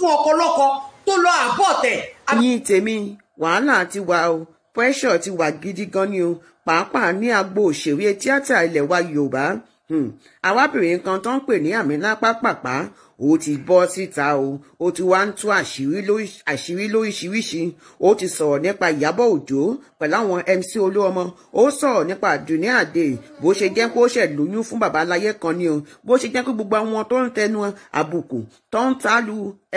fún ọkọ lọ́kọ tó lọ àbọ̀ tẹ̀. yín tèmi wàhálà ti wà o pressure ti wà gidi gan ni o pàápàá ní agbo òṣèré tíátà ilẹ̀ wa yorùbá àwábìnrin hmm, kan tó ń pè ní àmì lápá pàpá ó ti bọ́ síta o ó ti wá ń tú àṣírí lóríṣiríṣi ó ti sọ̀rọ̀ nípa Ìyábọ̀ Òjó pẹ̀lú àwọn MC Olúọmọ ó sọ̀rọ̀ nípa Dunny Ade bó ṣe jẹ́ kó ṣẹ̀ lóyún fún bàbá aláyé kan ni o bó ṣe jẹ́ pé gbogbo àwọn tó ń tẹnu àbùkù tó ń ta lu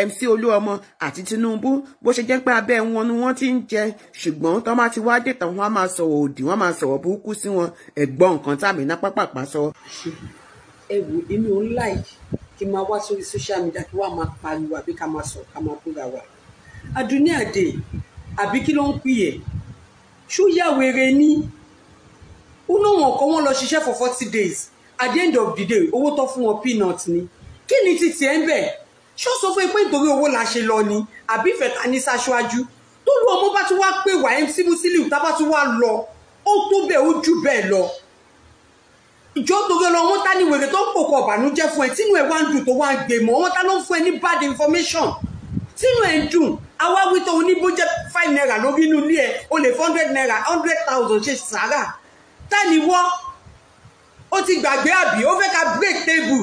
MC Olúọmọ àti Tinubu bó ṣe jẹ́ pé abẹ́ wọn ni wọ́n ti ń jẹ ṣùgbọ́n tó bá ti wá dé tán wọ́n á máa sọ̀rọ̀ òdì wọ́n á máa sọ̀rọ̀ burúkú sí wọn ẹ̀gbọ́n nǹkan tàbí ná pápápá sọ. ẹ wo èmi ò ń kí n máa wá sórí social media kí wọ́n máa pariwo àbí ká máa sọ̀rọ̀ ká máa búra wa àdúní àdè àbí kí ló ń pìyẹ ṣó yà wèrè ní ó wọn kọ́ wọn lọ ṣiṣẹ́ for forty days at the end of the day owó tó fún wọn peanut ni kí ni ti tiẹ̀ ń bẹ̀ ṣó sọ fún ẹ pé nítorí owó la ṣe lọ ni àbí ìfẹ́ ta ní ṣaṣáájú tó lu ọmọ bá tún wá pè wá mc musiliu tá bá tún wá lọ ó tó bẹ́ẹ̀ ó jù bẹ́ẹ̀ lọ ìjọ torí ọlọ wọn ta ni wèrè tó ń pòkọ ọbànújẹ́ fún ẹ tínú ẹ wá ń dùn tó wá ń gbè mọ wọn ta ló ń fún ẹ ní bad information tínú ẹ ń dùn àwa wí tó ní bó jẹ five naira lórí inú ilé ẹ o lè four hundred naira hundred thousand ṣe sàárà ta ni wọ ó ti gbàgbé àbí ó fẹ́ ka break table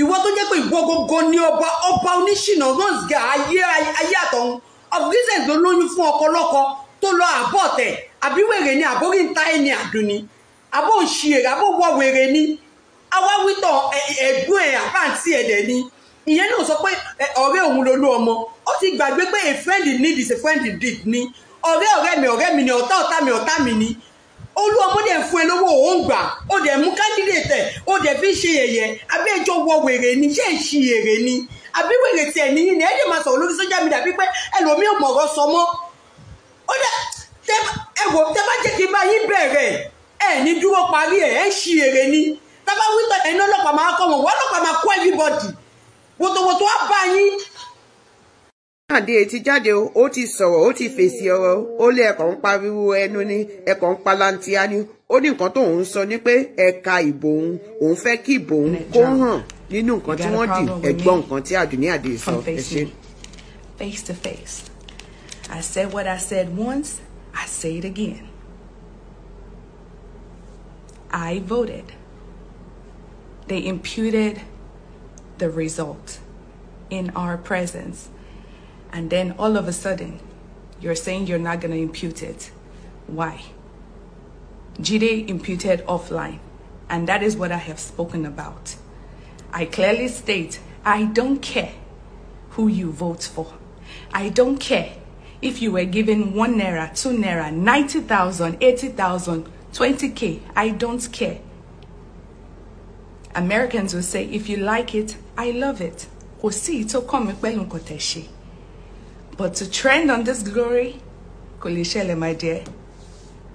ìwọ tó jẹ́ pé ìwọ gógó ni ọba ọba oníṣìnà rọ́ǹsgà ayé ayé àtọ̀hún of reasons ló lóyún fún ọkọ lọ́kọ tó lọ àbọ̀ àbí wèrè ni àbórí ń ta ẹni àdùnní abó ń ṣe èrè abó wọ́ wèrè ni awáwítọ̀ ẹ̀gbọ́n e, e, ẹ̀ e, àpáǹtí ẹ̀dẹ̀ ni ìyẹn náà sọ pé ọ̀rẹ́ òun lolú ọmọ ó ti gbàgbé pé a friend need is a friend indeed ni ọ̀rẹ́ ọ̀rẹ́ mi ọ̀rẹ́ mi ni ọ̀tá ọ̀tá mi ọ̀tá mi ni olú ọmọ dẹ̀ fún ẹ lówó òun gbà ó dẹ̀ mú candidate ẹ̀ ó dẹ̀ fi ṣe yẹ̀yẹ́ abẹ́jọ́ wọ wèrè ni ṣé ń ṣe èrè ni àbí wèrè tiẹ̀ níyì ni ẹ dẹ̀ máa sọ̀rọ̀ lórí social media bíi pé ẹlòmíì mọ̀rọ̀ sọ mọ́ ó dẹ̀ ẹ wò tẹ́ bá jẹ́ kí n bá yín bẹ̀rẹ̀ ẹ̀ dúró parí ẹ̀ ẹ̀ ṣì èrè ni tábà wípé ẹni ọlọ́pàá máa kọ́ wọn wọ́n ọlọ́pàá máa kọ́ everybody wòtòwòtò á bá yín. Àdé ti jáde ó ti sọ̀rọ̀, ó ti fèsì ọ̀rọ̀, ó lé ẹ̀kọ́ ń pariwo ẹnu ni, ẹ̀kọ́ ń palantia ni, ó ní nǹkan tóun sọ ni pé ẹ̀ka ìbò òun, òun fẹ́ kí ìbò òun kó hàn nínú nǹkan tí wọ́n dì ẹ̀gbọ́n nǹkan tí Àdùnní Àdé sọ ẹ ṣe. Face to face. I said what I said once, I say it again. I voted. They imputed the result in our presence. And then all of a sudden, you're saying you're not going to impute it. Why? Jide imputed offline, and that is what I have spoken about. I clearly state I don't care who you vote for. I don't care if you were given one naira, two naira, 90,000, 80,000, 20K, I don't care. Americans will say, if you like it, I love it. But to trend on this glory, kò my dear.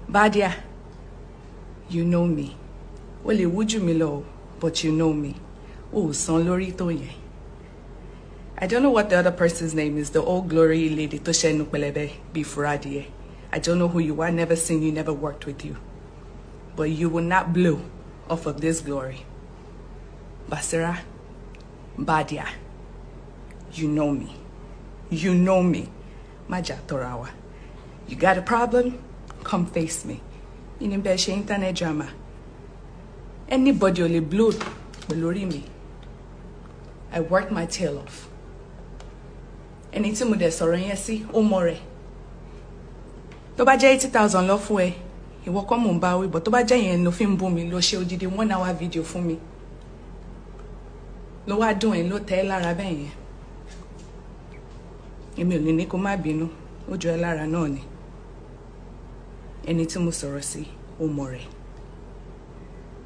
Badia, you know me. you would you me low, but you know me. Ó san lórí tó I don't know what the other person's name is, the old glory lady tó ṣẹ́nu pẹlẹbẹ I don't know who you are, never seen you, never worked with you but you will not blow off of this glory. Basira, Badia, you know me. You know me. Maja Torawa. You got a problem? Come face me. Meaning Beshe internet drama. Anybody only blow Belori me. I worked my tail off. Anything with the Soranyasi, Omore. Tó bá jẹ́ 80,000 love way. ìwọ kọ́ mò ń bá wíbọ̀ tó bá jẹ́ yẹn ló fi ń bú mi lọ ṣe odidi one hour video fún mi ló wá dùn ẹ̀ ló tẹ́ lára bẹ́ẹ̀ yẹn èmi ò ní ní kó má bínú ó jọ ẹ lára náà ni ẹni tí mo sọ̀rọ̀ sí ó mọ̀ rẹ̀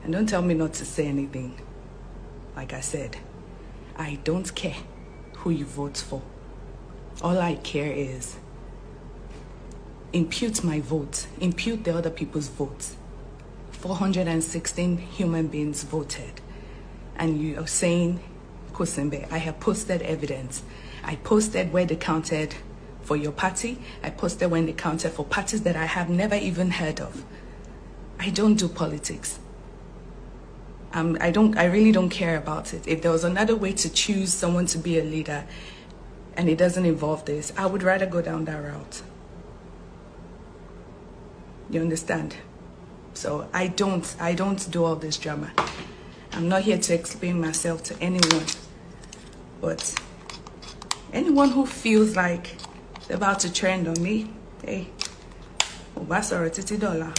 and don't tell me not to say anything like I said I don't care who you vote for all I care is. impute my vote, impute the other people's vote. 416 human beings voted. And you are saying, Kusimbe, I have posted evidence. I posted where they counted for your party. I posted when they counted for parties that I have never even heard of. I don't do politics. Um, I don't. I really don't care about it. If there was another way to choose someone to be a leader, and it doesn't involve this, I would rather go down that route. You understand? So I don't, I don't do all this drama. I'm not here to explain myself to anyone. But anyone who feels like they're about to trend on me, hey, a Titi Dollar.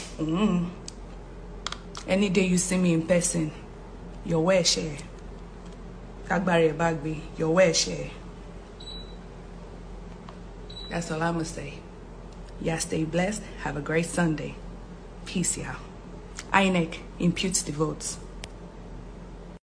Any day you see me in person, your wear share. Kagbari Bagby, your wear share. That's all I'm going to say. Y'all stay blessed. Have a great Sunday. Peace, y'all. INEC imputes the votes.